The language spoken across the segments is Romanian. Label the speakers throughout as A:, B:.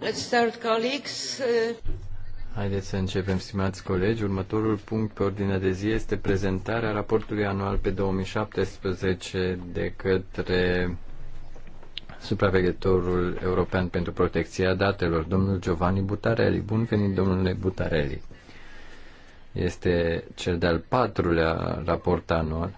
A: Let's start, colleagues.
B: Haideți să începem, stimați colegi. Următorul punct pe ordinea de zi este prezentarea raportului anual pe 2017 de către supraveghetorul european pentru protecția datelor, domnul Giovanni Butarelli. Bun venit, domnule Butarelli. Este cel de-al patrulea raport anual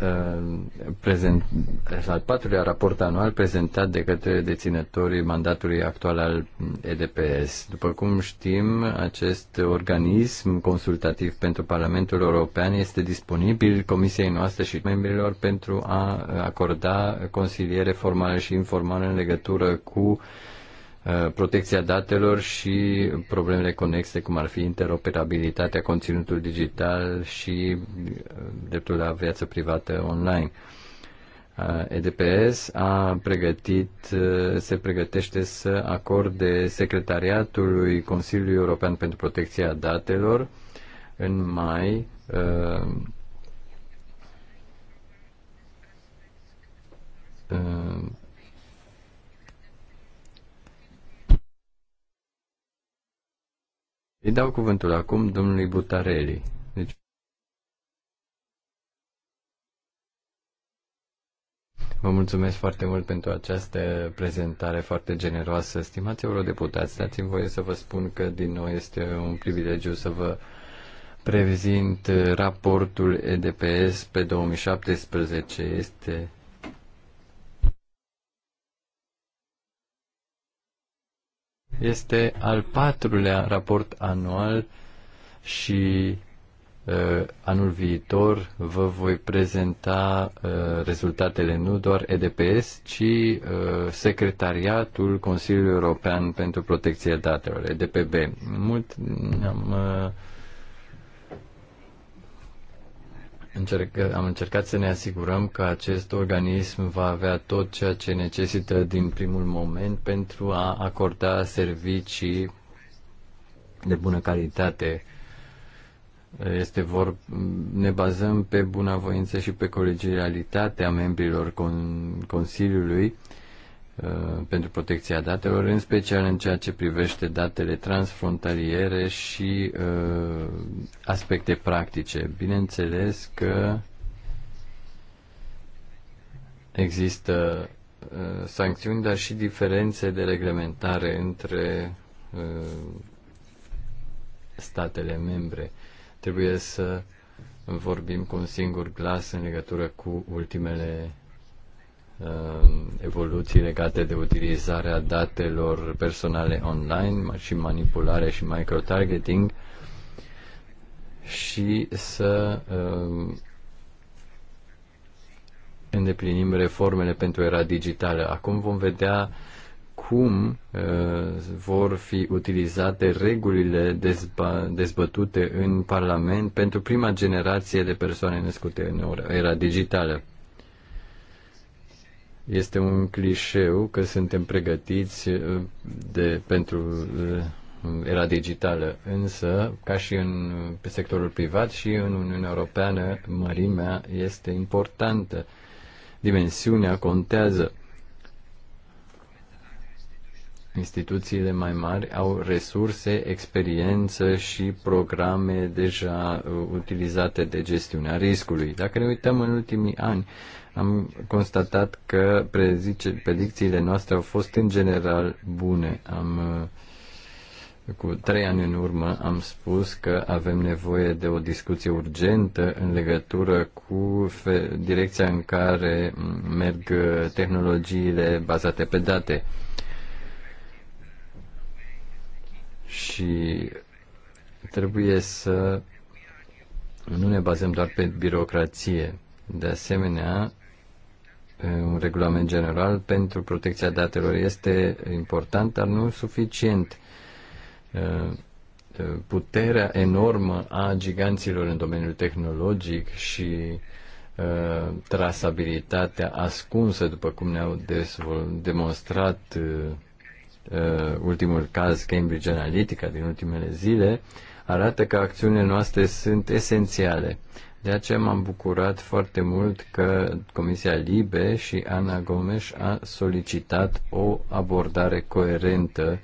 B: Uh, prezent, uh, al patrulea raport anual prezentat de către deținătorii mandatului actual al EDPS. După cum știm, acest organism consultativ pentru Parlamentul European este disponibil Comisiei noastre și membrilor pentru a acorda consiliere formală și informală în legătură cu uh, Uh, protecția datelor și problemele conexe, cum ar fi interoperabilitatea, conținutului digital și uh, dreptul la viață privată online. Uh, EDPS a pregătit, se pregătește să acorde Secretariatului Consiliului European pentru Protecția Datelor în mai Îi dau cuvântul acum domnului Butarelli. Deci... Vă mulțumesc foarte mult pentru această prezentare foarte generoasă. Stimați eurodeputați, dați-mi voie să vă spun că din nou este un privilegiu să vă prezint raportul EDPS pe 2017. Este Este al patrulea raport anual și uh, anul viitor vă voi prezenta uh, rezultatele nu doar EDPS, ci uh, Secretariatul Consiliului European pentru Protecția Datelor, EDPB. Mult am uh, Încerc, am încercat să ne asigurăm că acest organism va avea tot ceea ce necesită din primul moment pentru a acorda servicii de bună calitate. Este vor, ne bazăm pe bunavoință și pe colegialitatea membrilor con, Consiliului Uh, pentru protecția datelor, în special în ceea ce privește datele transfrontaliere și uh, aspecte practice. Bineînțeles că există uh, sancțiuni, dar și diferențe de reglementare între uh, statele membre. Trebuie să vorbim cu un singur glas în legătură cu ultimele Uh, evoluții legate de utilizarea datelor personale online și manipulare și microtargeting și să uh, îndeplinim reformele pentru era digitală. Acum vom vedea cum uh, vor fi utilizate regulile dezba- dezbătute în Parlament pentru prima generație de persoane născute în era digitală este un clișeu că suntem pregătiți uh, de, pentru uh, era digitală, însă, ca și în pe sectorul privat și în Uniunea Europeană, mărimea este importantă. Dimensiunea contează Instituțiile mai mari au resurse, experiență și programe deja uh, utilizate de gestiunea riscului. Dacă ne uităm în ultimii ani, am constatat că prezice, predicțiile noastre au fost în general bune. Am, uh, cu trei ani în urmă am spus că avem nevoie de o discuție urgentă în legătură cu direcția în care merg uh, tehnologiile bazate pe date și trebuie să nu ne bazăm doar pe birocrație. De asemenea, un regulament general pentru protecția datelor este important, dar nu suficient. Uh, puterea enormă a giganților în domeniul tehnologic și uh, trasabilitatea ascunsă, după cum ne-au demonstrat uh, uh, ultimul caz Cambridge Analytica din ultimele zile, arată că acțiunile noastre sunt esențiale. De aceea m-am bucurat foarte mult că Comisia Libe și Ana Gomes a solicitat o abordare coerentă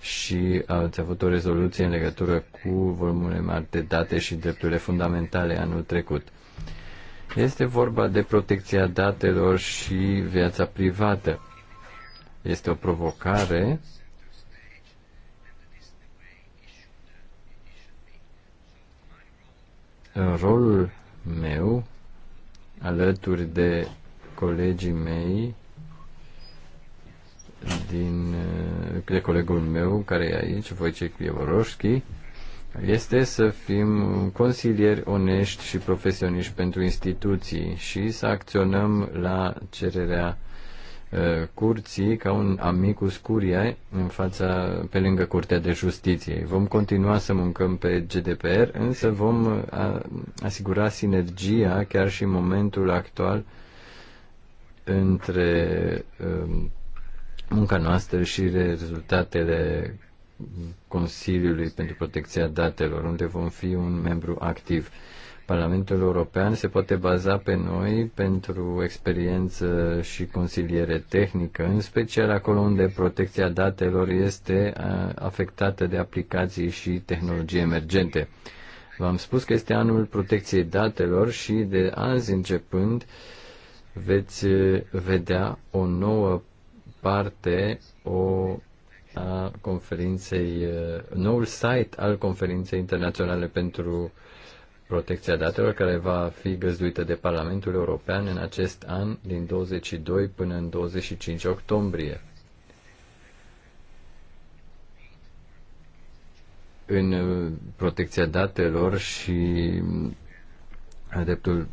B: și ați avut o rezoluție în legătură cu volumul mari de date și drepturile fundamentale anul trecut. Este vorba de protecția datelor și viața privată este o provocare rolul meu alături de colegii mei din de colegul meu care e aici, Wojciech Pievoroșchi, este să fim consilieri onești și profesioniști pentru instituții și să acționăm la cererea Uh, curții ca un amicus curiae în fața, pe lângă Curtea de Justiție. Vom continua să muncăm pe GDPR, însă vom uh, asigura sinergia chiar și în momentul actual între um, munca noastră și rezultatele Consiliului pentru Protecția Datelor, unde vom fi un membru activ. Parlamentul European se poate baza pe noi pentru experiență și consiliere tehnică, în special acolo unde protecția datelor este afectată de aplicații și tehnologii emergente. V-am spus că este anul protecției datelor și de azi începând veți vedea o nouă parte o a conferinței, noul site al conferinței internaționale pentru uh, protecția datelor care va fi găzduită de Parlamentul European în acest an din 22 până în 25 octombrie. În uh, protecția datelor și uh, dreptul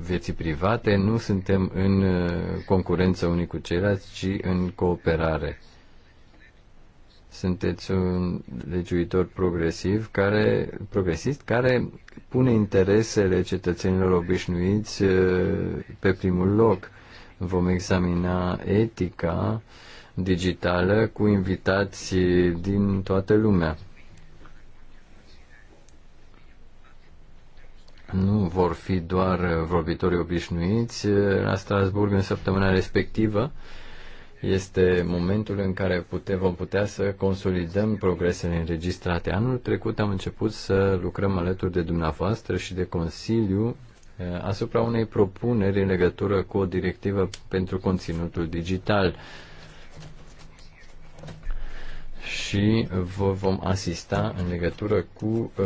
B: vieții private nu suntem în uh, concurență unii cu ceilalți, ci în cooperare sunteți un legiuitor progresiv care, progresist care pune interesele cetățenilor obișnuiți uh, pe primul loc. Vom examina etica digitală cu invitații din toată lumea. Nu vor fi doar vorbitori obișnuiți uh, la Strasburg în săptămâna respectivă, este momentul în care pute, vom putea să consolidăm progresele înregistrate. Anul trecut am început să lucrăm alături de dumneavoastră și de Consiliu eh, asupra unei propuneri în legătură cu o directivă pentru conținutul digital și vă vom asista în legătură cu uh,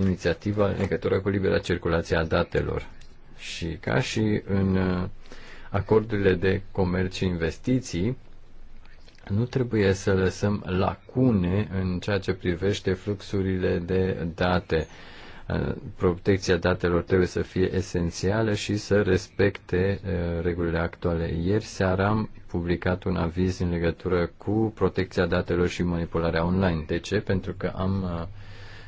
B: inițiativa în legătură cu libera circulație a datelor. Și ca și în uh, acordurile de comerț și investiții, nu trebuie să lăsăm lacune în ceea ce privește fluxurile de date. Uh, protecția datelor trebuie să fie esențială și să respecte uh, regulile actuale. Ieri seara am publicat un aviz în legătură cu protecția datelor și manipularea online. De ce? Pentru că am uh,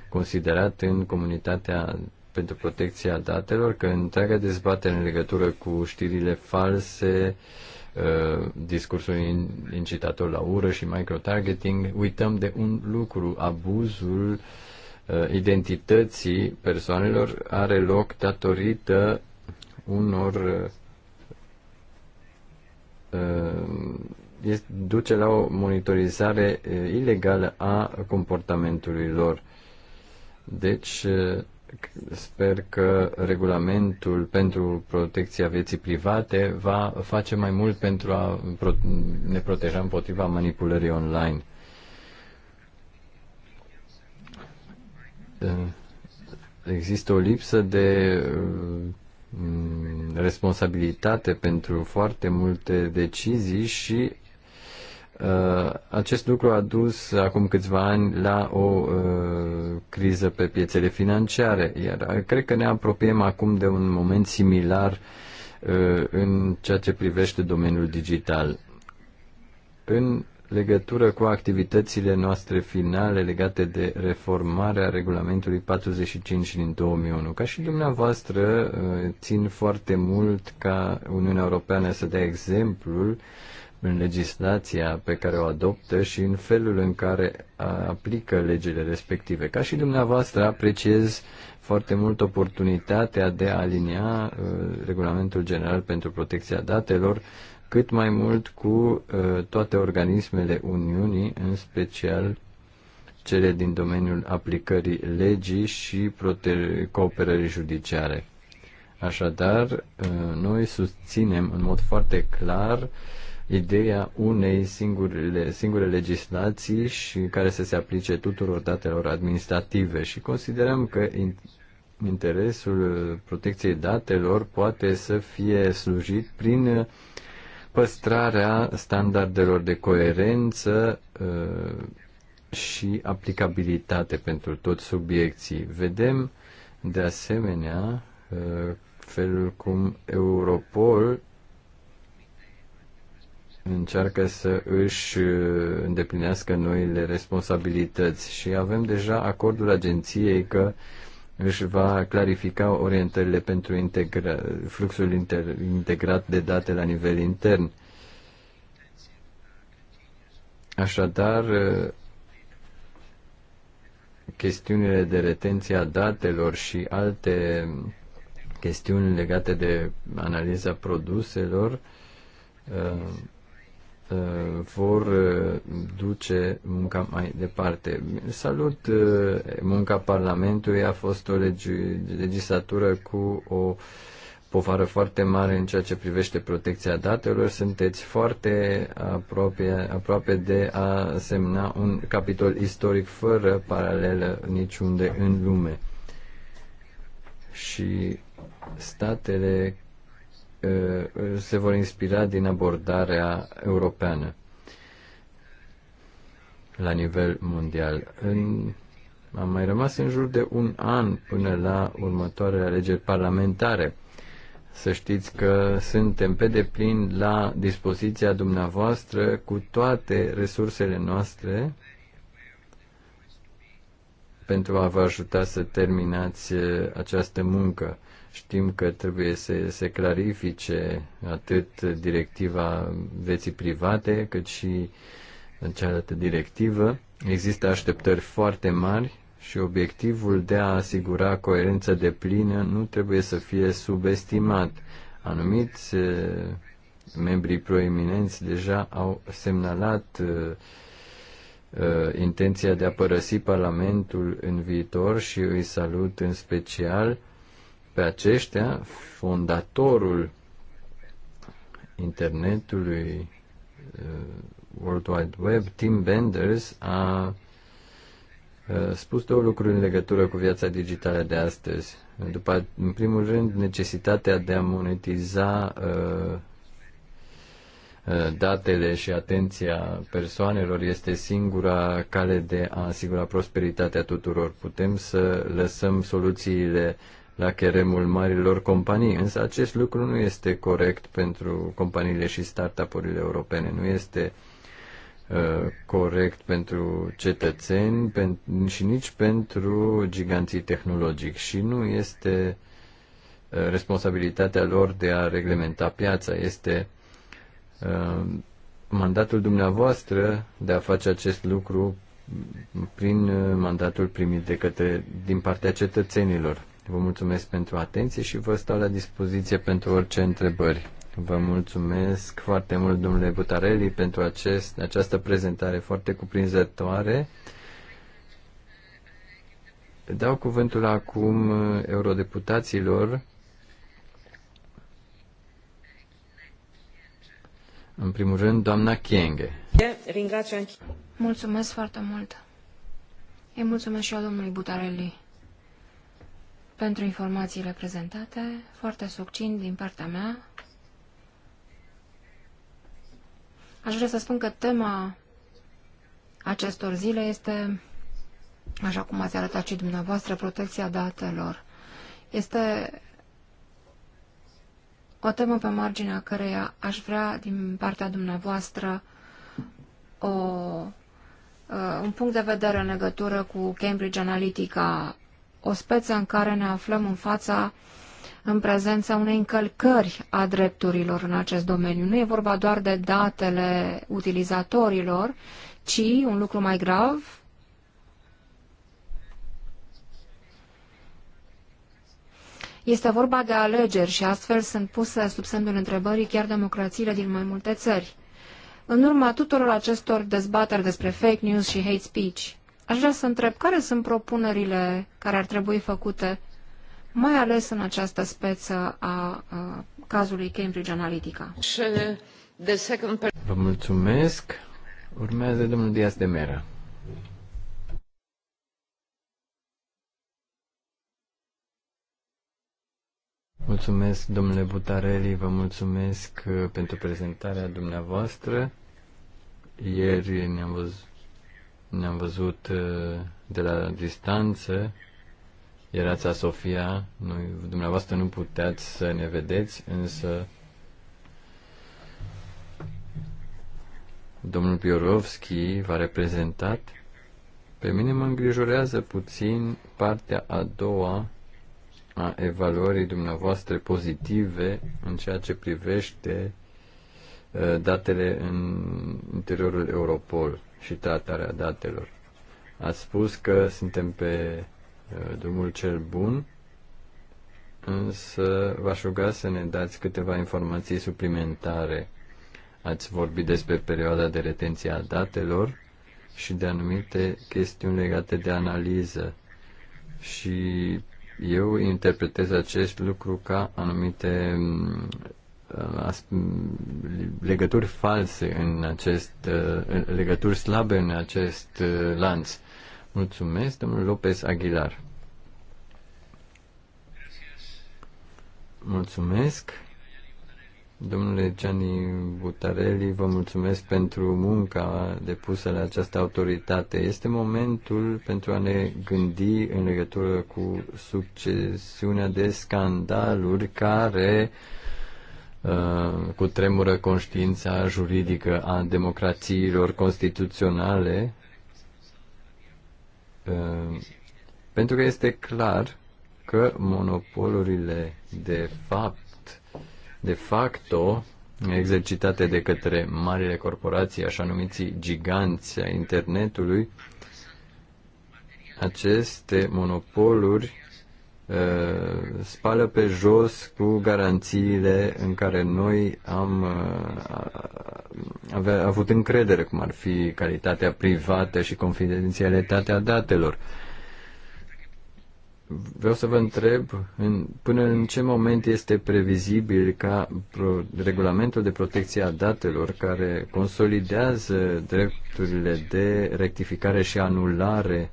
B: considerat în comunitatea pentru protecția datelor, că întreaga dezbatere în legătură cu știrile false, uh, discursul incitator la ură și microtargeting, uităm de un lucru, abuzul uh, identității persoanelor are loc datorită unor uh, duce la o monitorizare ilegală a comportamentului lor. Deci, Sper că regulamentul pentru protecția vieții private va face mai mult pentru a ne proteja împotriva manipulării online. Există o lipsă de mm, responsabilitate pentru foarte multe decizii și Uh, acest lucru a dus acum câțiva ani la o uh, criză pe piețele financiare, iar uh, cred că ne apropiem acum de un moment similar uh, în ceea ce privește domeniul digital. În legătură cu activitățile noastre finale legate de reformarea regulamentului 45 din 2001. Ca și dumneavoastră, uh, țin foarte mult ca Uniunea Europeană să dea exemplul uh, în legislația pe care o adoptă și în felul în care aplică legile respective. Ca și dumneavoastră, apreciez foarte mult oportunitatea de a alinia uh, Regulamentul General pentru Protecția Datelor cât mai mult cu uh, toate organismele Uniunii, în special cele din domeniul aplicării legii și cooperării judiciare. Așadar, uh, noi susținem în mod foarte clar ideea unei singure, singure legislații și care să se aplice tuturor datelor administrative și considerăm că interesul protecției datelor poate să fie slujit prin păstrarea standardelor de coerență uh, și aplicabilitate pentru toți subiecții. Vedem de asemenea uh, felul cum Europol încearcă să își uh, îndeplinească noile responsabilități și avem deja acordul agenției că își va clarifica orientările pentru integra- fluxul inter- integrat de date la nivel intern. Așadar, uh, chestiunile de retenție a datelor și alte chestiuni legate de analiza produselor uh, Uh, vor uh, duce munca mai departe. Salut! Uh, munca Parlamentului a fost o legislatură cu o povară foarte mare în ceea ce privește protecția datelor. Sunteți foarte aproape, aproape de a semna un capitol istoric fără paralelă niciunde în lume. Și statele Uh, se vor inspira din abordarea europeană la nivel mondial. În, am mai rămas în jur de un an până la următoarele alegeri parlamentare. Să știți că suntem pe deplin la dispoziția dumneavoastră cu toate resursele noastre pentru a vă ajuta să terminați eh, această muncă. Știm că trebuie să se clarifice atât directiva veții private, cât și cealaltă directivă. Există așteptări foarte mari și obiectivul de a asigura coerență de plină nu trebuie să fie subestimat. Anumiți eh, membrii proeminenți deja au semnalat uh, Uh, intenția de a părăsi Parlamentul în viitor și îi salut în special pe aceștia, fondatorul internetului uh, World Wide Web, Tim Benders, a uh, spus două lucruri în legătură cu viața digitală de astăzi. După, în primul rând, necesitatea de a monetiza uh, Eh, datele și atenția persoanelor este singura cale de a asigura prosperitatea tuturor. Putem să lăsăm soluțiile la cheremul marilor companii, însă acest lucru nu este corect pentru companiile și startup-urile europene. Nu este eh, corect pentru cetățeni pen, și nici pentru giganții tehnologici. și nu este eh, responsabilitatea lor de a reglementa piața. Este Uh, mandatul dumneavoastră de a face acest lucru prin uh, mandatul primit de către, din partea cetățenilor. Vă mulțumesc pentru atenție și vă stau la dispoziție pentru orice întrebări. Vă mulțumesc foarte mult, domnule Butarelli, pentru acest, această prezentare foarte cuprinzătoare. Dau cuvântul acum uh, eurodeputaților În primul rând, doamna Chienghe.
C: Mulțumesc foarte mult. Îi mulțumesc și eu domnului Butarelli pentru informațiile prezentate, foarte succint din partea mea. Aș vrea să spun că tema acestor zile este, așa cum ați arătat și dumneavoastră, protecția datelor. Este o temă pe marginea căreia aș vrea din partea dumneavoastră o, uh, un punct de vedere în legătură cu Cambridge Analytica, o speță în care ne aflăm în fața în prezența unei încălcări a drepturilor în acest domeniu. Nu e vorba doar de datele utilizatorilor, ci, un lucru mai grav, Este vorba de alegeri și astfel sunt puse sub semnul întrebării chiar democrațiile din mai multe țări. În urma tuturor acestor dezbateri despre fake news și hate speech, aș vrea să întreb care sunt propunerile care ar trebui făcute, mai ales în această speță a, a cazului Cambridge Analytica. Uh,
B: Vă mulțumesc. Urmează domnul Dias de Mera. Mulțumesc, domnule Butarelli, vă mulțumesc uh, pentru prezentarea dumneavoastră. Ieri ne-am văzut, ne uh, văzut de la distanță. Erați a Sofia, nu, dumneavoastră nu puteați să ne vedeți, însă domnul Piorovski v-a reprezentat. Pe mine mă îngrijorează puțin partea a doua a evaluării dumneavoastră pozitive în ceea ce privește uh, datele în interiorul Europol și tratarea datelor. Ați spus că suntem pe uh, drumul cel bun, însă v-aș ruga să ne dați câteva informații suplimentare. Ați vorbit despre perioada de retenție a datelor și de anumite chestiuni legate de analiză și eu interpretez acest lucru ca anumite mm, mm, legături false în acest, mm, legături slabe în acest lanț. Mulțumesc, domnul Lopez Aguilar. Mulțumesc. Domnule Gianni Butarelli, vă mulțumesc pentru munca depusă la această autoritate. Este momentul pentru a ne gândi în legătură cu succesiunea de scandaluri care uh, cu tremură conștiința juridică a democrațiilor constituționale, uh, pentru că este clar că monopolurile de fapt de facto exercitate de către marile corporații, așa numiții giganți a internetului, aceste monopoluri uh, spală pe jos cu garanțiile în care noi am uh, avea, avut încredere, cum ar fi calitatea privată și confidențialitatea datelor. Uh, Vreau să vă întreb în, până în ce moment este previzibil ca pro, regulamentul de protecție a datelor care consolidează drepturile de rectificare și anulare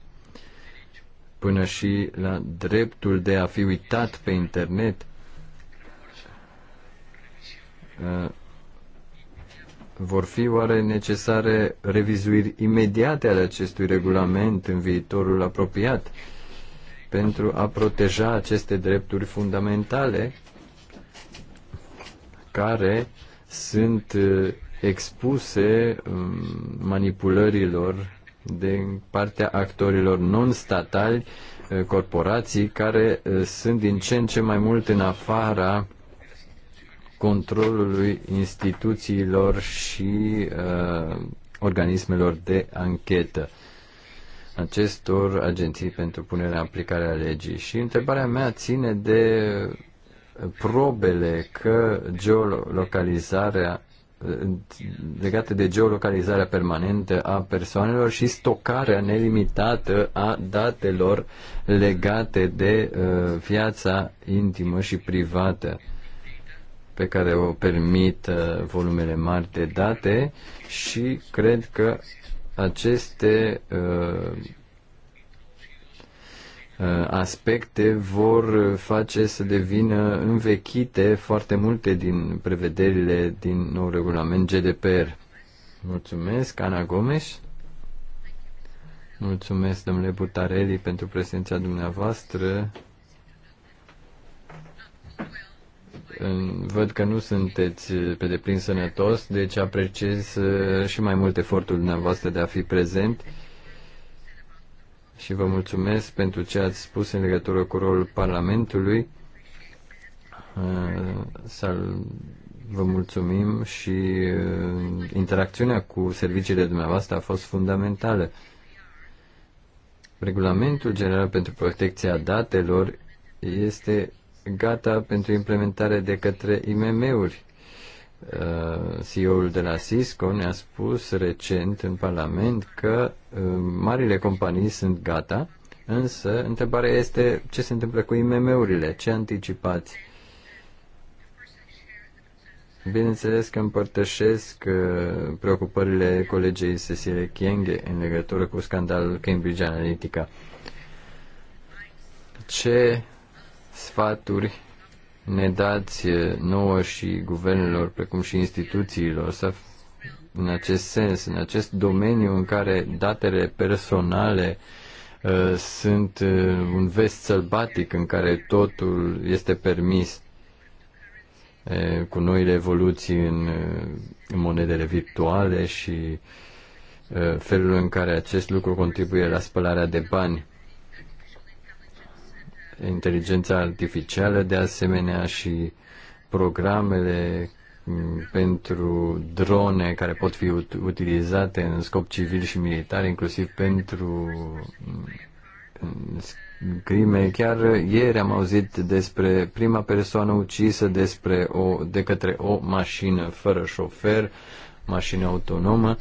B: până și la dreptul de a fi uitat pe internet uh, vor fi oare necesare revizuiri imediate ale acestui regulament în viitorul apropiat? pentru a proteja aceste drepturi fundamentale care sunt uh, expuse um, manipulărilor de partea actorilor non-statali, uh, corporații care uh, sunt din ce în ce mai mult în afara controlului instituțiilor și uh, organismelor de anchetă acestor agenții pentru punerea în aplicare a legii. Și întrebarea mea ține de probele că geolocalizarea legate de geolocalizarea permanentă a persoanelor și stocarea nelimitată a datelor legate de uh, viața intimă și privată pe care o permit uh, volumele mari de date și cred că aceste uh, uh, aspecte vor face să devină învechite foarte multe din prevederile din nou regulament GDPR. Mulțumesc, Ana Gomes. Mulțumesc, domnule Butarelli, pentru prezența dumneavoastră. Văd că nu sunteți pe deplin sănătos, deci apreciez uh, și mai mult efortul dumneavoastră de a fi prezent și vă mulțumesc pentru ce ați spus în legătură cu rolul Parlamentului. Uh, vă mulțumim și uh, interacțiunea cu serviciile dumneavoastră a fost fundamentală. Regulamentul General pentru Protecția Datelor este gata pentru implementare de către IMM-uri. Uh, CEO-ul de la Cisco ne-a spus recent în Parlament că uh, marile companii sunt gata, însă întrebarea este ce se întâmplă cu IMM-urile, ce anticipați? Bineînțeles că împărtășesc uh, preocupările colegei Cecilie Chienghe în legătură cu scandalul Cambridge Analytica. Ce sfaturi ne dați eh, nouă și guvernelor, precum și instituțiilor, să, în acest sens, în acest domeniu în care datele personale uh, sunt uh, un vest sălbatic în care totul este permis uh, cu noile evoluții în, uh, în monedele virtuale și uh, felul în care acest lucru contribuie la spălarea de bani inteligența artificială, de asemenea și programele mm, pentru drone care pot fi utilizate în scop civil și militar, inclusiv pentru mm, crime. Chiar ieri am auzit despre prima persoană ucisă despre o, de către o mașină fără șofer, mașină autonomă.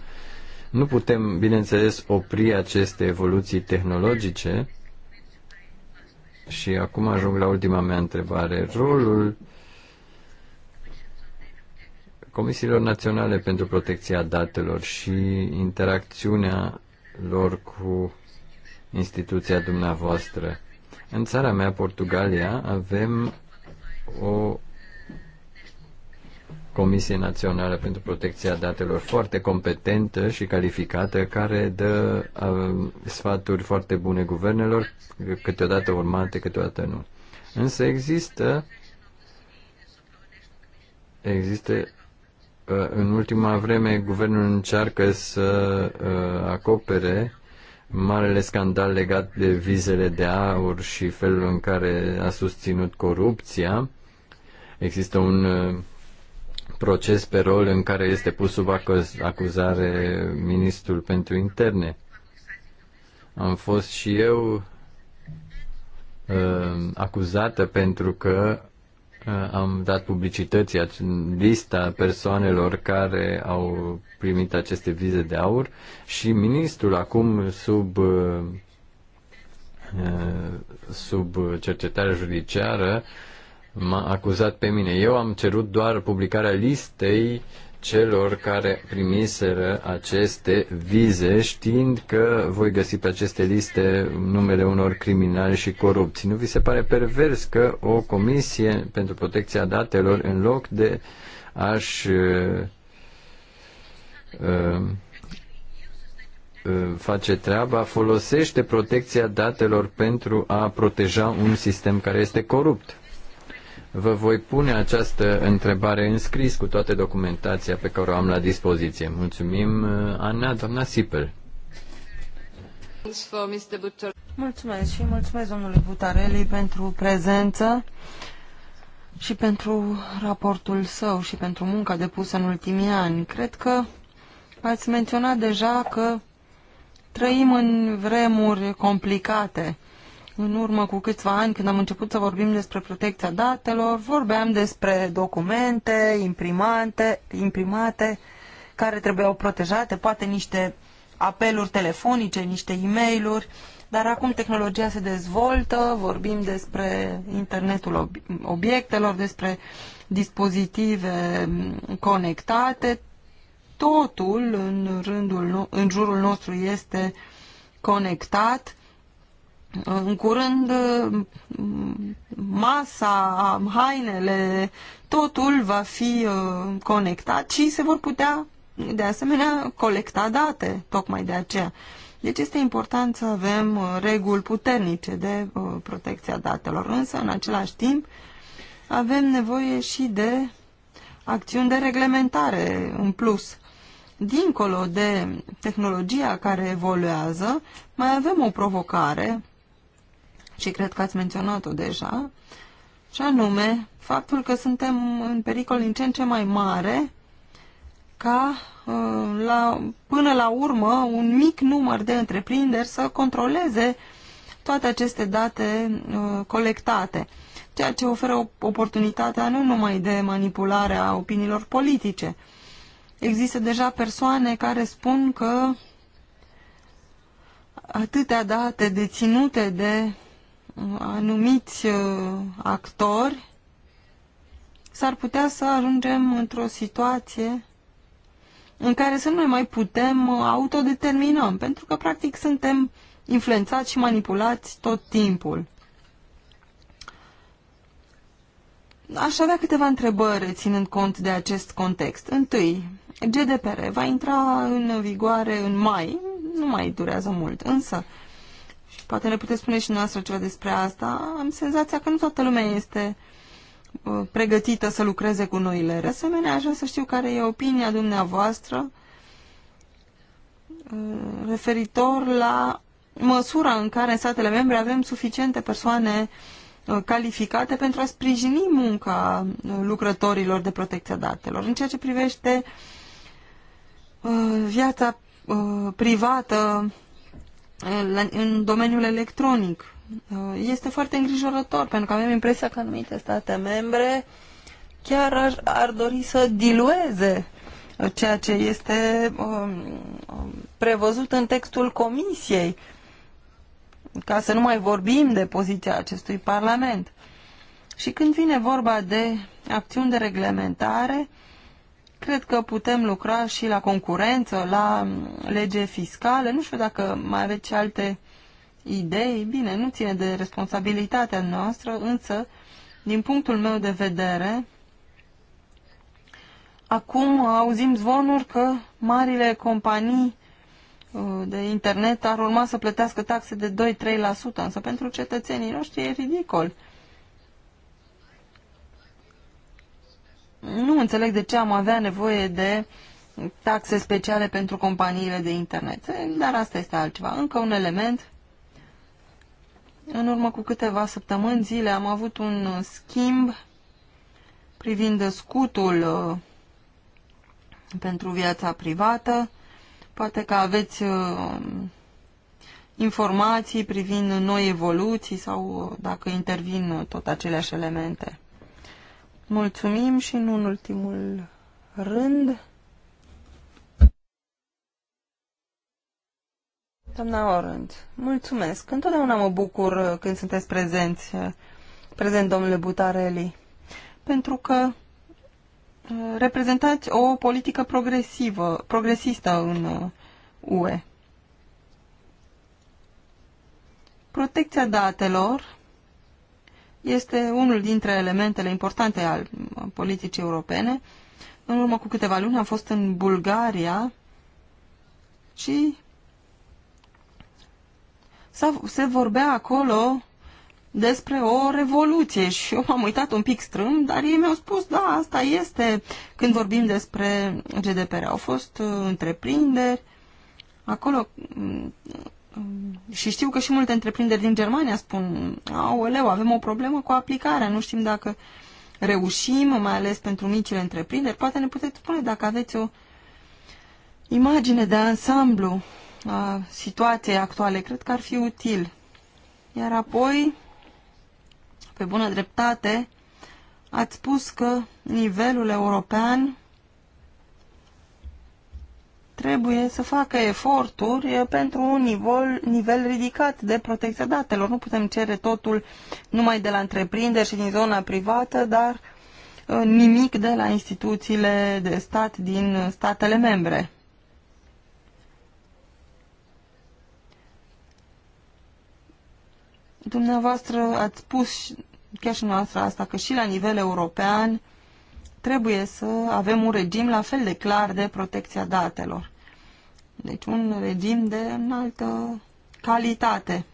B: Nu putem, bineînțeles, opri aceste evoluții tehnologice, și acum ajung la ultima mea întrebare. Rolul Comisiilor Naționale pentru Protecția Datelor și interacțiunea lor cu instituția dumneavoastră. În țara mea, Portugalia, avem o Comisie Națională pentru Protecția Datelor foarte competentă și calificată, care dă uh, sfaturi foarte bune guvernelor, câteodată urmate, câteodată nu. Însă există există uh, în ultima vreme guvernul încearcă să uh, acopere marele scandal legat de vizele de aur și felul în care a susținut corupția. Există un uh, proces pe rol în care este pus sub acuzare ministrul pentru interne. Am fost și eu uh, acuzată pentru că uh, am dat publicității lista persoanelor care au primit aceste vize de aur și ministrul acum sub uh, uh sub cercetare judiciară uh, m-a acuzat pe mine. Eu am cerut doar publicarea listei celor care primiseră aceste vize, știind că voi găsi pe aceste liste numele unor criminali și corupți. Nu vi se pare pervers că o comisie pentru protecția datelor, în loc de aș uh, uh, uh, face treaba, folosește protecția datelor pentru a proteja un sistem care este corupt? Vă voi pune această întrebare în scris cu toată documentația pe care o am la dispoziție. Mulțumim, uh, Ana, doamna Sipel.
A: Mulțumesc și mulțumesc domnului Butarelli pentru prezență și pentru raportul său și pentru munca depusă în ultimii ani. Cred că ați menționat deja că trăim în vremuri complicate în urmă cu câțiva ani, când am început să vorbim despre protecția datelor, vorbeam despre documente imprimante, imprimate care trebuiau protejate, poate niște apeluri telefonice, niște e mail dar acum tehnologia se dezvoltă, vorbim despre internetul obiectelor, despre dispozitive conectate, totul în, rândul, în jurul nostru este conectat în curând, masa, hainele, totul va fi uh, conectat și se vor putea, de asemenea, colecta date, tocmai de aceea. Deci este important să avem uh, reguli puternice de uh, protecția datelor, însă, în același timp, avem nevoie și de acțiuni de reglementare în plus. Dincolo de tehnologia care evoluează, mai avem o provocare și cred că ați menționat-o deja, și anume faptul că suntem în pericol din ce în ce mai mare ca uh, la, până la urmă un mic număr de întreprinderi să controleze toate aceste date uh, colectate, ceea ce oferă oportunitatea nu numai de manipulare a opiniilor politice. Există deja persoane care spun că atâtea date deținute de anumiți uh, actori, s-ar putea să ajungem într-o situație în care să nu ne mai putem uh, autodeterminăm, pentru că practic suntem influențați și manipulați tot timpul. Aș avea câteva întrebări ținând cont de acest context. Întâi, GDPR va intra în vigoare în mai, nu mai durează mult, însă poate ne puteți spune și noastră ceva despre asta, am senzația că nu toată lumea este uh, pregătită să lucreze cu noile. De asemenea, aș vrea să știu care e opinia dumneavoastră uh, referitor la măsura în care în statele membre avem suficiente persoane uh, calificate pentru a sprijini munca lucrătorilor de protecția datelor. În ceea ce privește viața privată în domeniul electronic. Uh, este foarte îngrijorător, pentru că avem impresia că anumite state membre chiar ar, ar dori să dilueze uh, ceea ce este um, um, prevăzut în textul Comisiei, ca să nu mai vorbim de poziția acestui Parlament. Și când vine vorba de acțiuni de reglementare, uh, Cred că putem lucra și la concurență, la lege fiscală. Nu știu dacă mai aveți și alte idei. Bine, nu ține de responsabilitatea noastră, însă, din punctul meu de vedere, acum auzim zvonuri că marile companii uh, de internet ar urma să plătească taxe de 2-3%, însă pentru cetățenii noștri e ridicol. nu înțeleg de ce am avea nevoie de taxe speciale pentru companiile de internet, dar asta este altceva. Încă un element. În urmă cu câteva săptămâni, zile, am avut un schimb privind scutul uh, pentru viața privată. Poate că aveți uh, informații privind noi evoluții sau uh, dacă intervin tot aceleași elemente. Mulțumim și nu în ultimul rând. Doamna Orând, mulțumesc. Întotdeauna mă bucur când sunteți prezenți, prezent domnule Butareli, pentru că uh, reprezentați o politică progresivă, progresistă în UE. Uh, Protecția datelor este unul dintre elementele importante al uh, politicii europene. În urmă cu câteva luni am fost în Bulgaria și se vorbea acolo despre o revoluție și eu m-am uitat un pic strâm, dar ei mi-au spus, da, asta este când vorbim despre GDPR. Au fost uh, întreprinderi acolo mm, Mm, și știu că și multe întreprinderi din Germania spun, aoleu, avem o problemă cu aplicarea, nu știm dacă reușim, mai ales pentru micile întreprinderi. Poate ne puteți spune dacă aveți o imagine de ansamblu a situației actuale. Cred că ar fi util. Iar apoi, pe bună dreptate, ați spus că nivelul european trebuie să facă eforturi pentru un nivel, nivel ridicat de protecția datelor. Nu putem cere totul numai de la întreprinderi și din zona privată, dar nimic de la instituțiile de stat din statele membre. Dumneavoastră ați spus chiar și noastră asta, că și la nivel european trebuie să avem un regim la fel de clar de protecția datelor. Deci un regim de înaltă calitate.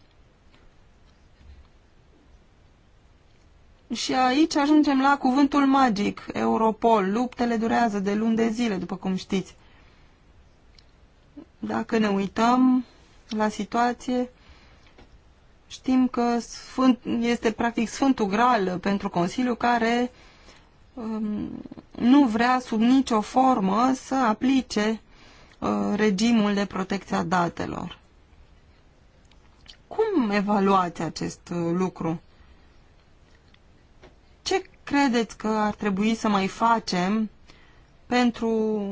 A: Și aici ajungem la cuvântul magic, Europol. Luptele durează de luni de zile, după cum știți. Dacă ne uităm la situație, știm că sfânt, este practic Sfântul Graal pentru Consiliu care um, nu vrea sub nicio formă să aplice Uh, regimul de protecție a datelor. Cum evaluați acest uh, lucru? Ce credeți că ar trebui să mai facem pentru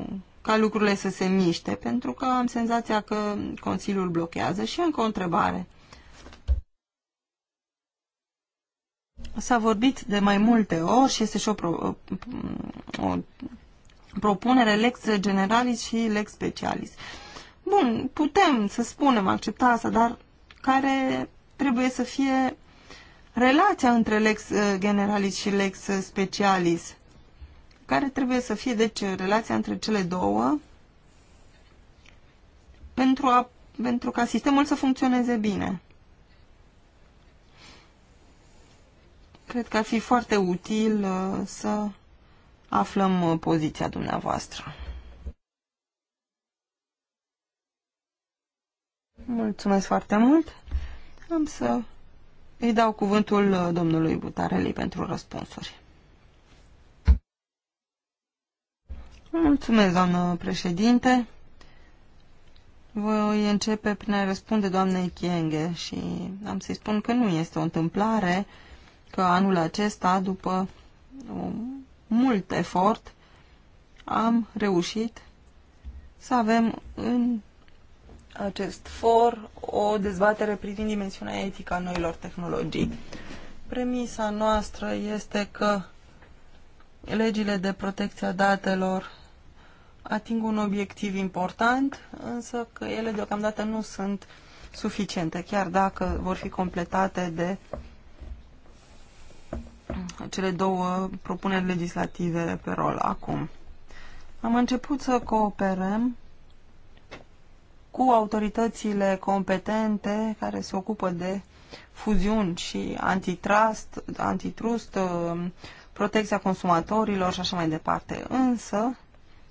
A: ca lucrurile să se miște? Pentru că am senzația că Consiliul blochează. Și încă o întrebare. S-a vorbit de mai multe ori și este și o, o propunere lex generalis și lex specialis. Bun, putem să spunem, accepta asta, dar care trebuie să fie relația între lex uh, generalis și lex specialis? Care trebuie să fie, deci, relația între cele două pentru, a, pentru ca sistemul să funcționeze bine? Cred că ar fi foarte util uh, să aflăm uh, poziția dumneavoastră. Mulțumesc foarte mult. Am să îi dau cuvântul uh, domnului Butareli pentru răspunsuri. Mulțumesc, doamnă președinte. Voi începe prin a răspunde doamnei Chienghe și am să-i spun că nu este o întâmplare că anul acesta, după mult efort am reușit să avem în acest for o dezbatere privind dimensiunea etică a noilor tehnologii. Premisa noastră este că legile de protecție a datelor ating un obiectiv important, însă că ele deocamdată nu sunt suficiente, chiar dacă vor fi completate de cele două propuneri legislative pe rol acum. Am început să cooperăm cu autoritățile competente care se ocupă de fuziuni și antitrust, antitrust uh, protecția consumatorilor și așa mai departe. Însă,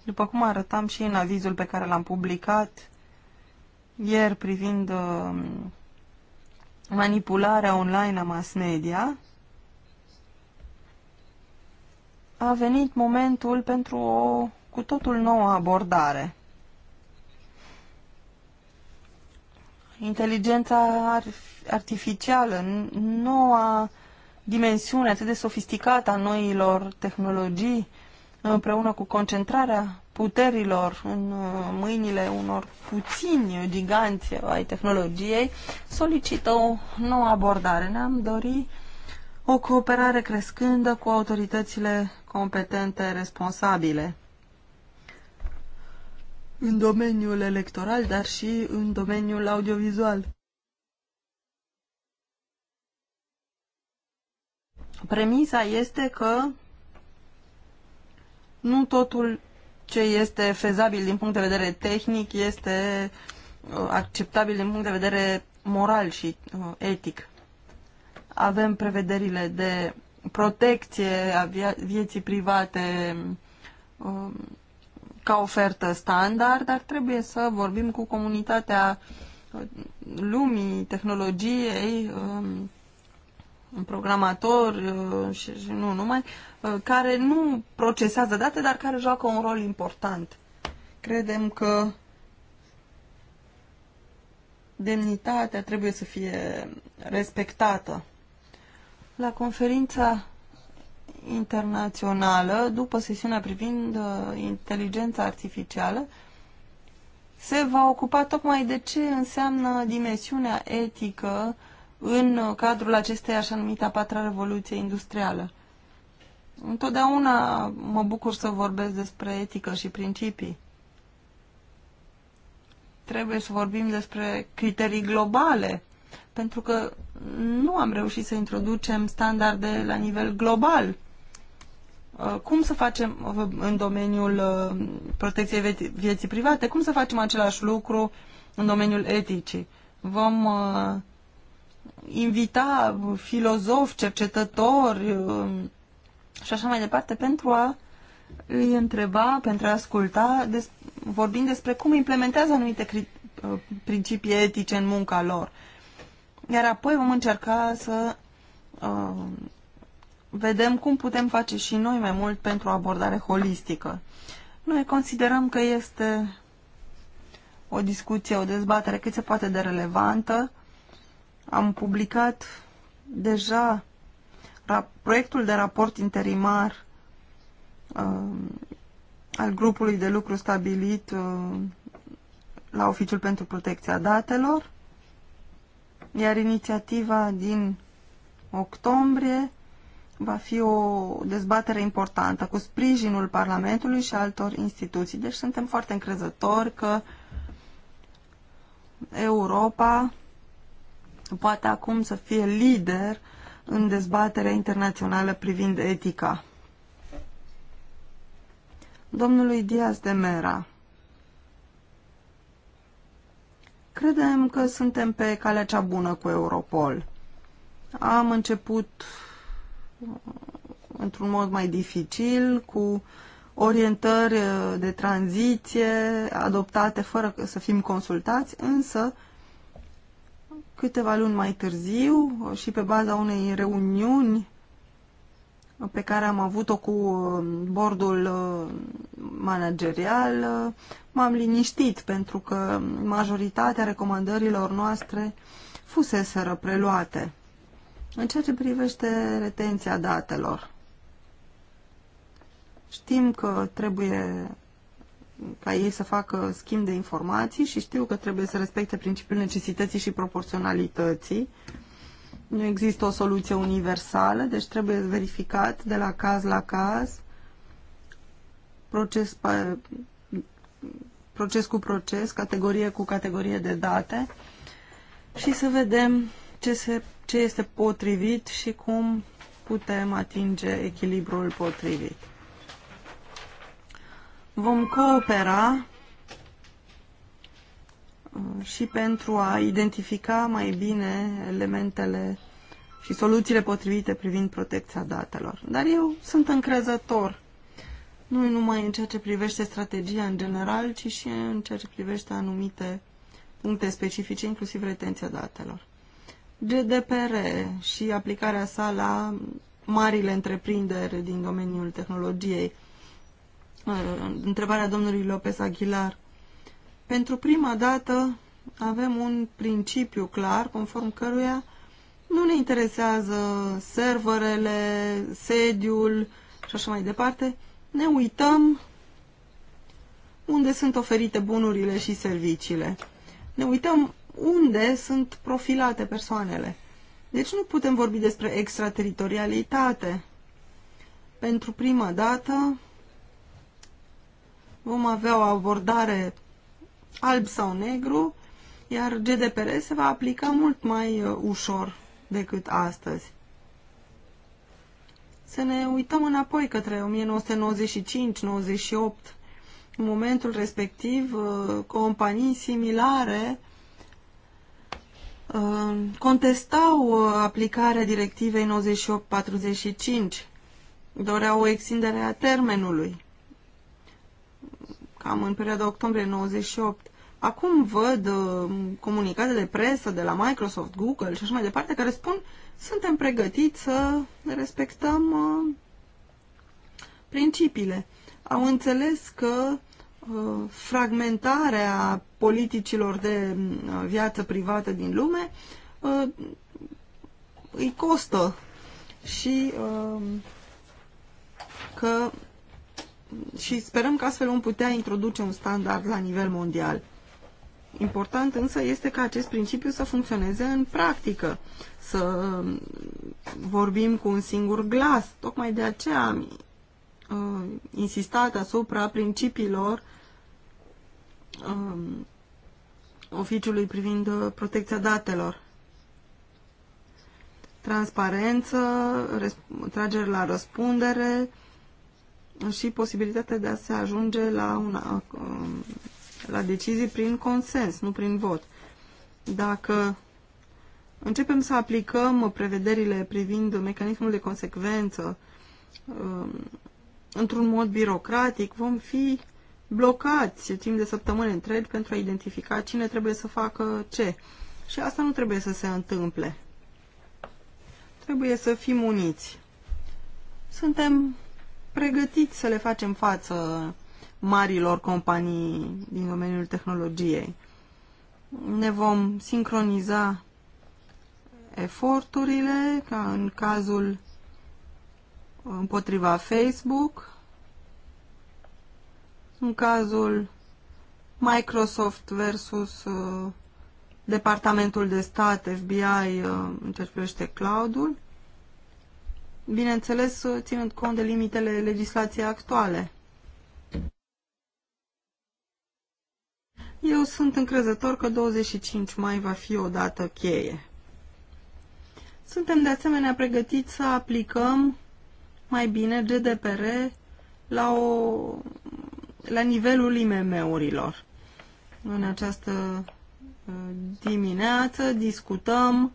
A: după cum arătam și în avizul pe care l-am publicat ieri privind uh, manipularea online a mass media, a venit momentul pentru o cu totul nouă abordare. Inteligența artificială, noua dimensiune atât de sofisticată a noilor tehnologii, împreună cu concentrarea puterilor în uh, mâinile unor puțini giganți ai tehnologiei, solicită o nouă abordare. Ne-am dorit o cooperare crescândă cu autoritățile competente responsabile în domeniul electoral, dar și în domeniul audiovizual. Premisa este că nu totul ce este fezabil din punct de vedere tehnic este uh, acceptabil din punct de vedere moral și uh, etic avem prevederile de protecție a vieții private um, ca ofertă standard, dar trebuie să vorbim cu comunitatea lumii, tehnologiei, um, programator uh, și, și nu numai, uh, care nu procesează date, dar care joacă un rol important. Credem că demnitatea trebuie să fie respectată. La conferința internațională, după sesiunea privind uh, inteligența artificială, se va ocupa tocmai de ce înseamnă dimensiunea etică în cadrul acestei așa numite a patra revoluție industrială. Întotdeauna mă bucur să vorbesc despre etică și principii. Trebuie să vorbim despre criterii globale, pentru că nu am reușit să introducem standarde la nivel global. Uh, cum să facem uh, în domeniul uh, protecției vieții private, cum să facem același lucru în domeniul eticii? Vom invita filozofi, cercetători și așa mai departe pentru a îi întreba, pentru a asculta, des, vorbind despre cum implementează anumite principii etice în munca lor iar apoi vom încerca să uh, vedem cum putem face și noi mai mult pentru o abordare holistică. Noi considerăm că este o discuție, o dezbatere cât se poate de relevantă. Am publicat deja proiectul de raport interimar uh, al grupului de lucru stabilit uh, la Oficiul pentru Protecția Datelor iar inițiativa din octombrie va fi o dezbatere importantă cu sprijinul Parlamentului și altor instituții. Deci suntem foarte încrezători că Europa poate acum să fie lider în dezbaterea internațională privind etica. Domnului Diaz de Mera, Credem că suntem pe calea cea bună cu Europol. Am început uh, într-un mod mai dificil, cu orientări uh, de tranziție adoptate fără să fim consultați, însă câteva luni mai târziu uh, și pe baza unei reuniuni pe care am avut-o cu um, bordul uh, managerial, uh, m-am liniștit pentru că majoritatea recomandărilor noastre fuseseră preluate. În ceea ce privește retenția datelor, știm că trebuie ca ei să facă schimb de informații și știu că trebuie să respecte principiul necesității și proporționalității, nu există o soluție universală, deci trebuie verificat de la caz la caz, proces, proces cu proces, categorie cu categorie de date și să vedem ce, se, ce este potrivit și cum putem atinge echilibrul potrivit. Vom coopera uh, și pentru a identifica mai bine elementele și soluțiile potrivite privind protecția datelor. Dar eu sunt încrezător, nu numai în ceea ce privește strategia în general, ci și în ceea ce privește anumite puncte specifice, inclusiv retenția datelor. GDPR și aplicarea sa la marile întreprinderi din domeniul tehnologiei. Uh, întrebarea domnului Lopez Aguilar. Pentru prima dată avem un principiu clar conform căruia nu ne interesează serverele, sediul și așa mai departe. Ne uităm unde sunt oferite bunurile și serviciile. Ne uităm unde sunt profilate persoanele. Deci nu putem vorbi despre extrateritorialitate. Pentru prima dată vom avea o abordare alb sau negru, iar GDPR se va aplica mult mai uh, ușor decât astăzi. Să ne uităm înapoi către 1995-98. În momentul respectiv, uh, companii similare uh, contestau uh, aplicarea directivei 9845. Doreau o extindere a termenului, cam în perioada octombrie 98. Acum văd uh, comunicate de presă de la Microsoft, Google și așa mai departe, care spun suntem pregătiți să respectăm uh, principiile. Au înțeles că uh, fragmentarea politicilor de uh, viață privată din lume uh, îi costă și uh, că și sperăm că astfel vom putea introduce un standard la nivel mondial. Important însă este ca acest principiu să funcționeze în practică, să vorbim cu un singur glas. Tocmai de aceea am uh, insistat asupra principiilor uh, oficiului privind uh, protecția datelor. Transparență, tragere la răspundere și posibilitatea de a se ajunge la un uh, la decizii prin consens, nu prin vot. Dacă începem să aplicăm prevederile privind mecanismul de consecvență um, într-un mod birocratic, vom fi blocați timp de săptămâni întregi pentru a identifica cine trebuie să facă ce. Și asta nu trebuie să se întâmple. Trebuie să fim uniți. Suntem pregătiți să le facem față marilor companii din domeniul tehnologiei. Ne vom sincroniza eforturile, ca în cazul împotriva Facebook, în cazul Microsoft versus uh, Departamentul de Stat, FBI, uh, în ce privește cloud-ul, bineînțeles uh, ținând cont de limitele legislației actuale. Eu sunt încrezător că 25 mai va fi o dată cheie. Suntem de asemenea pregătiți să aplicăm mai bine GDPR la, o, la nivelul IMM-urilor. În această uh, dimineață discutăm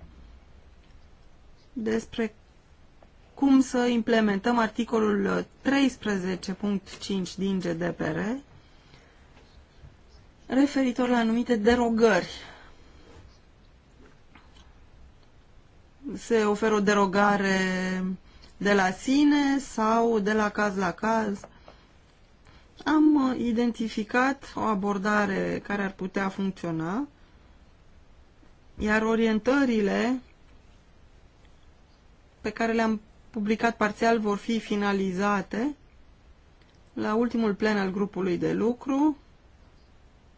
A: despre cum să implementăm articolul 13.5 din GDPR referitor la anumite derogări. Se oferă o derogare de la sine sau de la caz la caz. Am identificat o abordare care ar putea funcționa, iar orientările pe care le-am publicat parțial vor fi finalizate la ultimul plen al grupului de lucru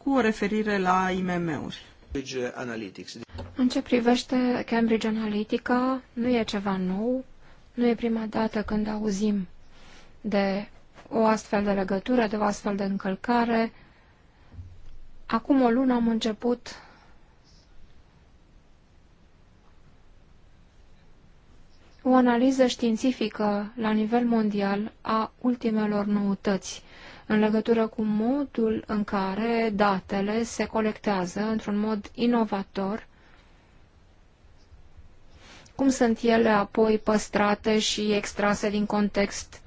A: cu o referire la IMM-uri.
C: În ce privește Cambridge Analytica, nu e ceva nou, nu e prima dată când auzim de o astfel de legătură, de o astfel de încălcare. Acum o lună am început o analiză științifică la nivel mondial a ultimelor noutăți în legătură cu modul în care datele se colectează într-un mod inovator, cum sunt ele apoi păstrate și extrase din context.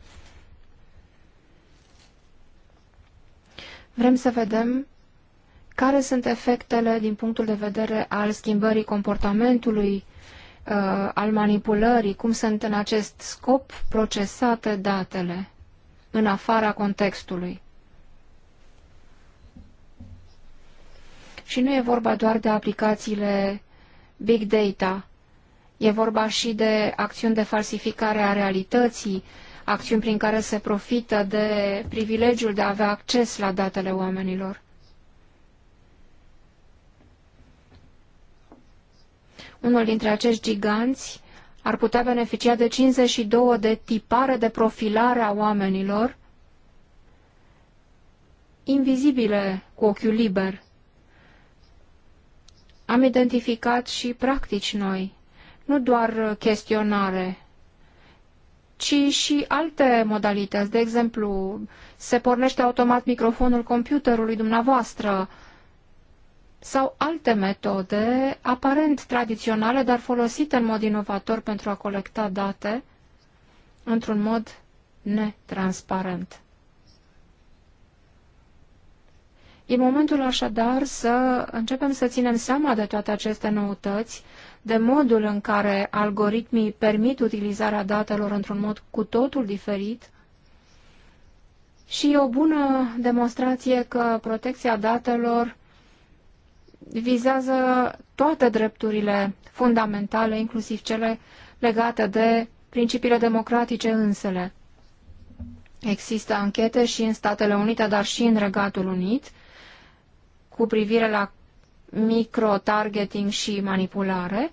C: Vrem să vedem care sunt efectele din punctul de vedere al schimbării comportamentului, uh, al manipulării, cum sunt în acest scop procesate datele în afara contextului. Și nu e vorba doar de aplicațiile big data, e vorba și de acțiuni de falsificare a realității, acțiuni prin care se profită de privilegiul de a avea acces la datele oamenilor. Unul dintre acești giganți ar putea beneficia de 52 de tipare de profilare a oamenilor, invizibile cu ochiul liber. Am identificat și practici noi, nu doar chestionare, ci și alte modalități. De exemplu, se pornește automat microfonul computerului dumneavoastră, sau alte metode aparent tradiționale, dar folosite în mod inovator pentru a colecta date într-un mod netransparent. E momentul așadar să începem să ținem seama de toate aceste noutăți, de modul în care algoritmii permit utilizarea datelor într-un mod cu totul diferit și e o bună demonstrație că protecția datelor vizează toate drepturile fundamentale, inclusiv cele legate de principiile democratice însele. Există anchete și în Statele Unite, dar și în Regatul Unit, cu privire la microtargeting și manipulare.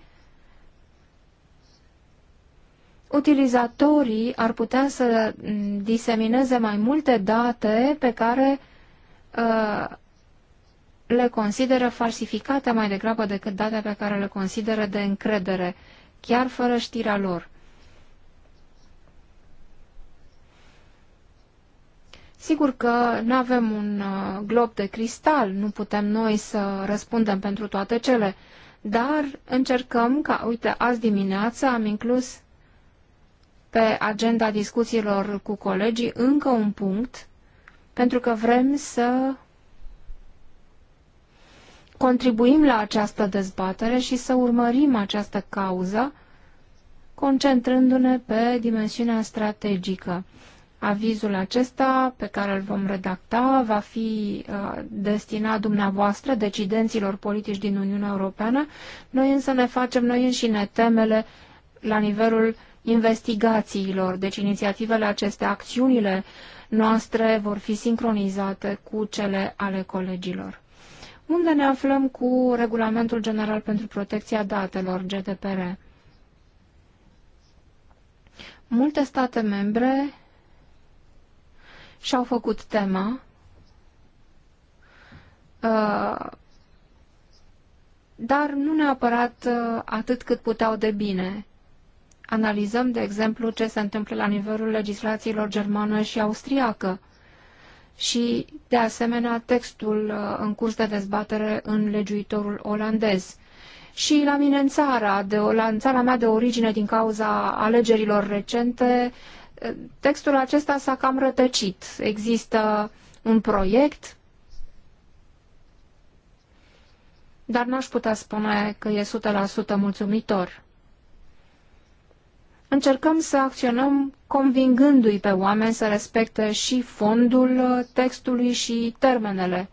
C: Utilizatorii ar putea să disemineze mai multe date pe care uh, le consideră falsificate mai degrabă decât date pe care le consideră de încredere, chiar fără știrea lor. Sigur că nu avem un uh, glob de cristal, nu putem noi să răspundem pentru toate cele, dar încercăm ca, uite, azi dimineață am inclus pe agenda discuțiilor cu colegii încă un punct, pentru că vrem să contribuim la această dezbatere și să urmărim această cauză, concentrându-ne pe dimensiunea strategică. Avizul acesta pe care îl vom redacta va fi uh, destinat dumneavoastră, decidenților politici din Uniunea Europeană. Noi însă ne facem noi înșine temele la nivelul investigațiilor, deci inițiativele acestea, acțiunile noastre vor fi sincronizate cu cele ale colegilor unde ne aflăm cu Regulamentul General pentru Protecția Datelor, GDPR. Multe state membre și-au făcut tema uh, dar nu neapărat uh, atât cât puteau de bine. Analizăm, de exemplu, ce se întâmplă la nivelul legislațiilor germană și austriacă și, de asemenea, textul uh, în curs de dezbatere în legiuitorul olandez. Și la mine în țara, de, la, în țara mea de origine din cauza alegerilor recente, uh, textul acesta s-a cam rătăcit. Există un proiect, dar n-aș putea spune că e 100% mulțumitor încercăm să acționăm convingându-i pe oameni să respecte și fondul uh, textului și termenele.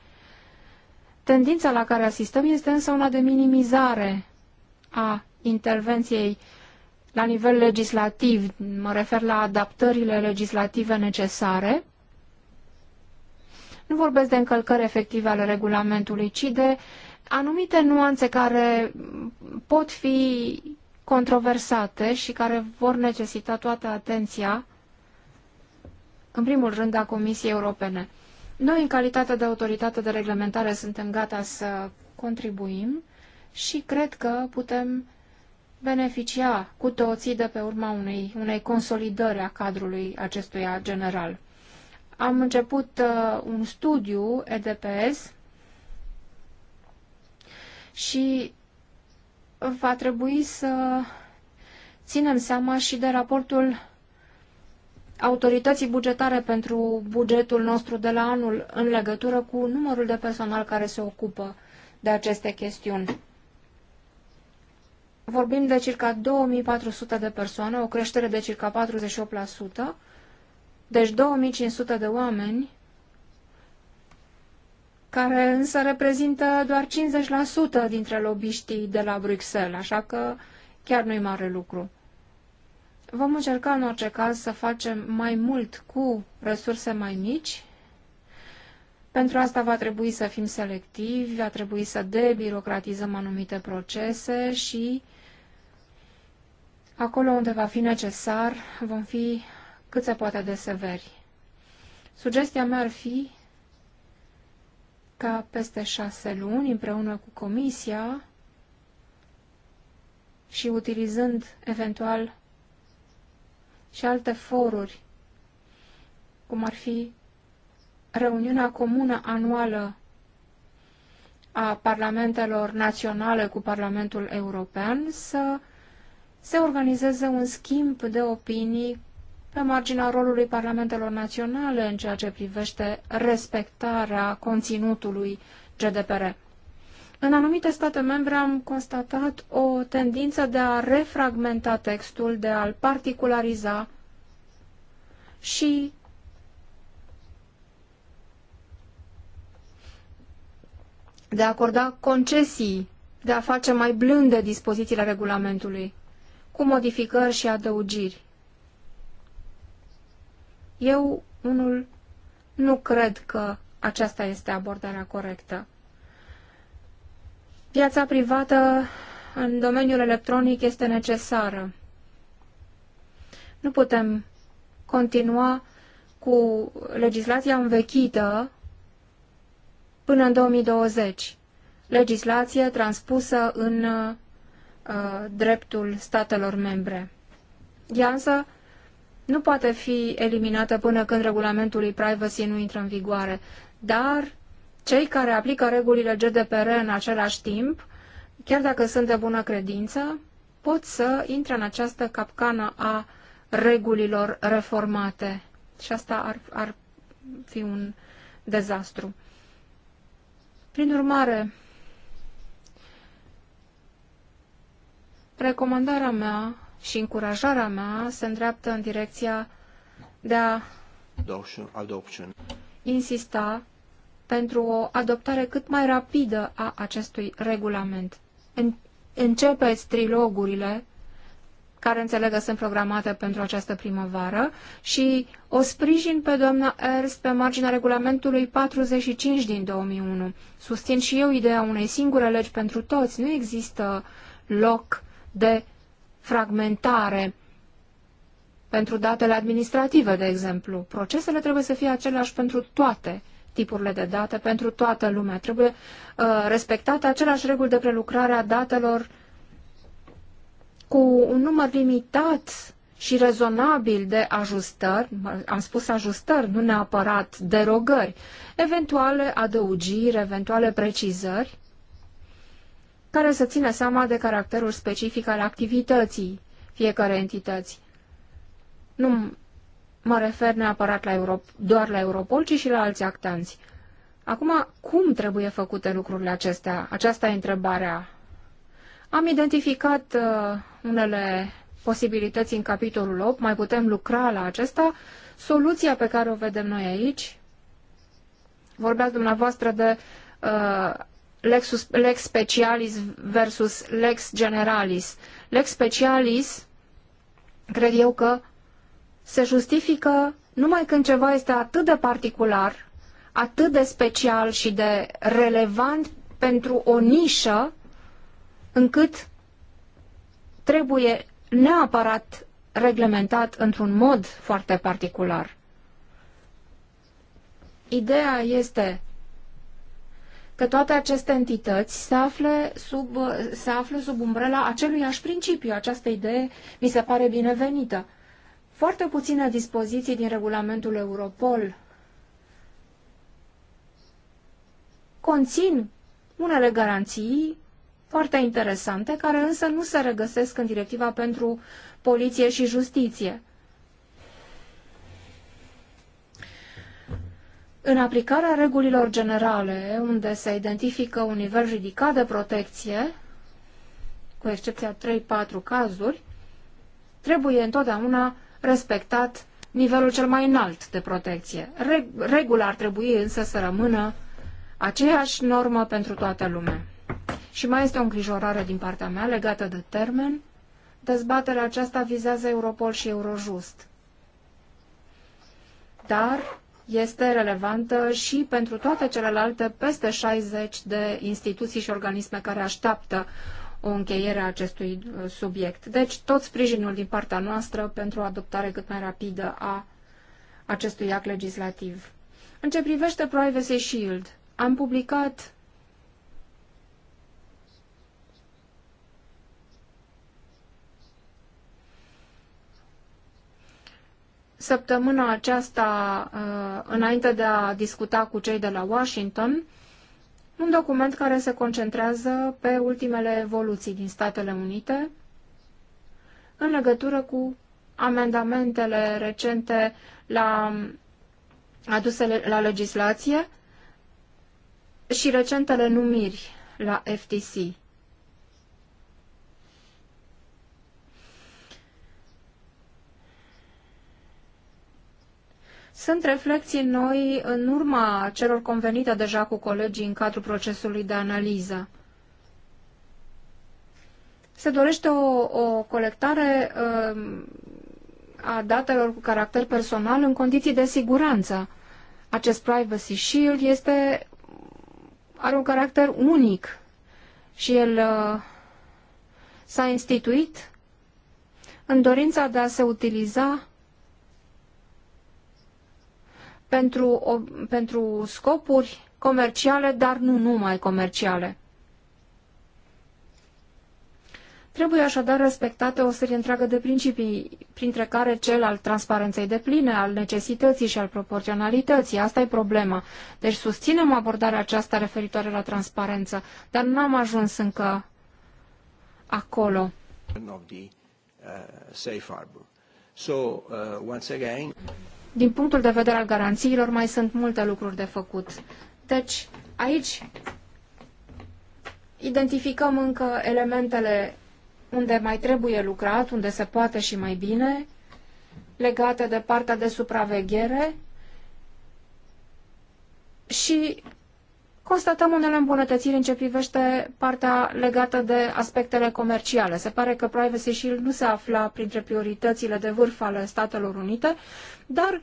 C: Tendința la care asistăm este însă una de minimizare a intervenției la nivel legislativ, mă refer la adaptările legislative necesare. Nu vorbesc de încălcări efective ale regulamentului, ci de anumite nuanțe care pot fi controversate și care vor necesita toată atenția, în primul rând, a Comisiei Europene. Noi, în calitate de autoritate de reglementare, suntem gata să contribuim și cred că putem beneficia cu toții de pe urma unei, unei consolidări a cadrului acestuia general. Am început uh, un studiu EDPS și va trebui să ținem seama și de raportul autorității bugetare pentru bugetul nostru de la anul în legătură cu numărul de personal care se ocupă de aceste chestiuni. Vorbim de circa 2400 de persoane, o creștere de circa 48%, deci 2500 de oameni care însă reprezintă doar 50% dintre lobiștii de la Bruxelles, așa că chiar nu-i mare lucru. Vom încerca în orice caz să facem mai mult cu resurse mai mici. Pentru asta va trebui să fim selectivi, va trebui să debirocratizăm anumite procese și acolo unde va fi necesar vom fi cât se poate de severi. Sugestia mea ar fi ca peste șase luni, împreună cu Comisia și utilizând eventual și alte foruri, cum ar fi reuniunea comună anuală a parlamentelor naționale cu Parlamentul European, să se organizeze un schimb de opinii pe marginea rolului parlamentelor naționale în ceea ce privește respectarea conținutului GDPR. În anumite state membre am constatat o tendință de a refragmenta textul, de a-l particulariza și de a acorda concesii, de a face mai blânde dispozițiile regulamentului, cu modificări și adăugiri. Eu, unul, nu cred că aceasta este abordarea corectă. Viața privată în domeniul electronic este necesară. Nu putem continua cu legislația învechită până în 2020. Legislație transpusă în uh, dreptul statelor membre. Ea însă nu poate fi eliminată până când regulamentul privacy nu intră în vigoare, dar cei care aplică regulile GDPR în același timp, chiar dacă sunt de bună credință, pot să intre în această capcană a regulilor reformate. Și asta ar, ar fi un dezastru. Prin urmare, recomandarea mea și încurajarea mea se îndreaptă în direcția de a insista pentru o adoptare cât mai rapidă a acestui regulament. Începeți trilogurile care înțeleg că sunt programate pentru această primăvară și o sprijin pe doamna Ernst pe marginea regulamentului 45 din 2001. Susțin și eu ideea unei singure legi pentru toți. Nu există loc de fragmentare pentru datele administrative, de exemplu. Procesele trebuie să fie aceleași pentru toate tipurile de date, pentru toată lumea. Trebuie uh, respectate aceleași reguli de prelucrare a datelor cu un număr limitat și rezonabil de ajustări, am spus ajustări, nu neapărat derogări, eventuale adăugiri, eventuale precizări, care să țină seama de caracterul specific al activității fiecare entități. Nu mă refer neapărat la Europ doar la Europol, ci și la alți actanți. Acum, cum trebuie făcute lucrurile acestea? Aceasta e întrebarea. Am identificat uh, unele posibilități în capitolul 8, mai putem lucra la acesta. Soluția pe care o vedem noi aici, vorbeați dumneavoastră de uh, lex, lex specialis versus lex generalis. Lex specialis, cred eu că se justifică numai când ceva este atât de particular, atât de special și de relevant pentru o nișă, încât trebuie neapărat reglementat într-un mod foarte particular. Ideea este că toate aceste entități se află sub, se află sub umbrela aceluiași principiu. Această idee mi se pare binevenită. Foarte puține dispoziții din regulamentul Europol conțin unele garanții foarte interesante, care însă nu se regăsesc în directiva pentru poliție și justiție. În aplicarea regulilor generale, unde se identifică un nivel ridicat de protecție, cu excepția 3-4 cazuri, trebuie întotdeauna respectat nivelul cel mai înalt de protecție. Regula ar trebui însă să rămână aceeași normă pentru toată lumea. Și mai este o îngrijorare din partea mea legată de termen. Dezbaterea aceasta vizează Europol și Eurojust. Dar este relevantă și pentru toate celelalte peste 60 de instituții și organisme care așteaptă o încheiere a acestui uh, subiect. Deci tot sprijinul din partea noastră pentru o adoptare cât mai rapidă a acestui act legislativ. În ce privește Privacy Shield, am publicat săptămâna aceasta, uh, înainte de a discuta cu cei de la Washington, un document care se concentrează pe ultimele evoluții din Statele Unite în legătură cu amendamentele recente la, aduse la legislație și recentele numiri la FTC. sunt reflexii noi în urma celor convenite deja cu colegii în cadrul procesului de analiză. Se dorește o, o colectare um, a datelor cu caracter personal în condiții de siguranță. Acest Privacy Shield este, are un caracter unic și el uh, s-a instituit în dorința de a se utiliza pentru, o, pentru scopuri comerciale, dar nu numai comerciale. Trebuie așadar respectate o serie întreagă de principii, printre care cel al transparenței de pline, al necesității și al proporționalității. Asta e problema. Deci susținem abordarea aceasta referitoare la transparență, dar n-am ajuns încă acolo.
A: Uh, so, uh, once again...
C: Din punctul de vedere al garanțiilor, mai sunt multe lucruri de făcut. Deci, aici identificăm încă elementele unde mai trebuie lucrat, unde se poate și mai bine, legate de partea de supraveghere și constatăm unele îmbunătățiri în ce privește partea legată de aspectele comerciale. Se pare că Privacy Shield nu se afla printre prioritățile de vârf ale Statelor Unite, dar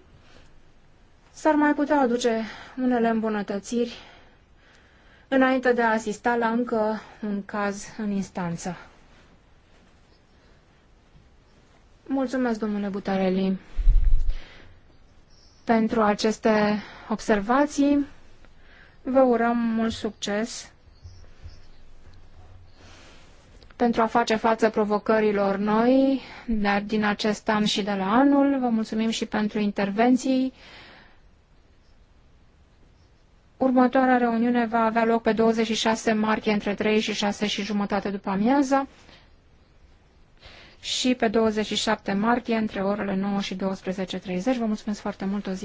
C: s-ar mai putea aduce unele îmbunătățiri înainte de a asista la încă un caz în instanță. Mulțumesc, domnule Butareli, pentru aceste observații. Vă urăm mult succes pentru a face față provocărilor noi, dar din acest an și de la anul. Vă mulțumim și pentru intervenții. Următoarea reuniune va avea loc pe 26 martie între 3 și 6 și jumătate după amiază și pe 27 martie între orele 9 și 12.30. Vă mulțumesc foarte mult o zi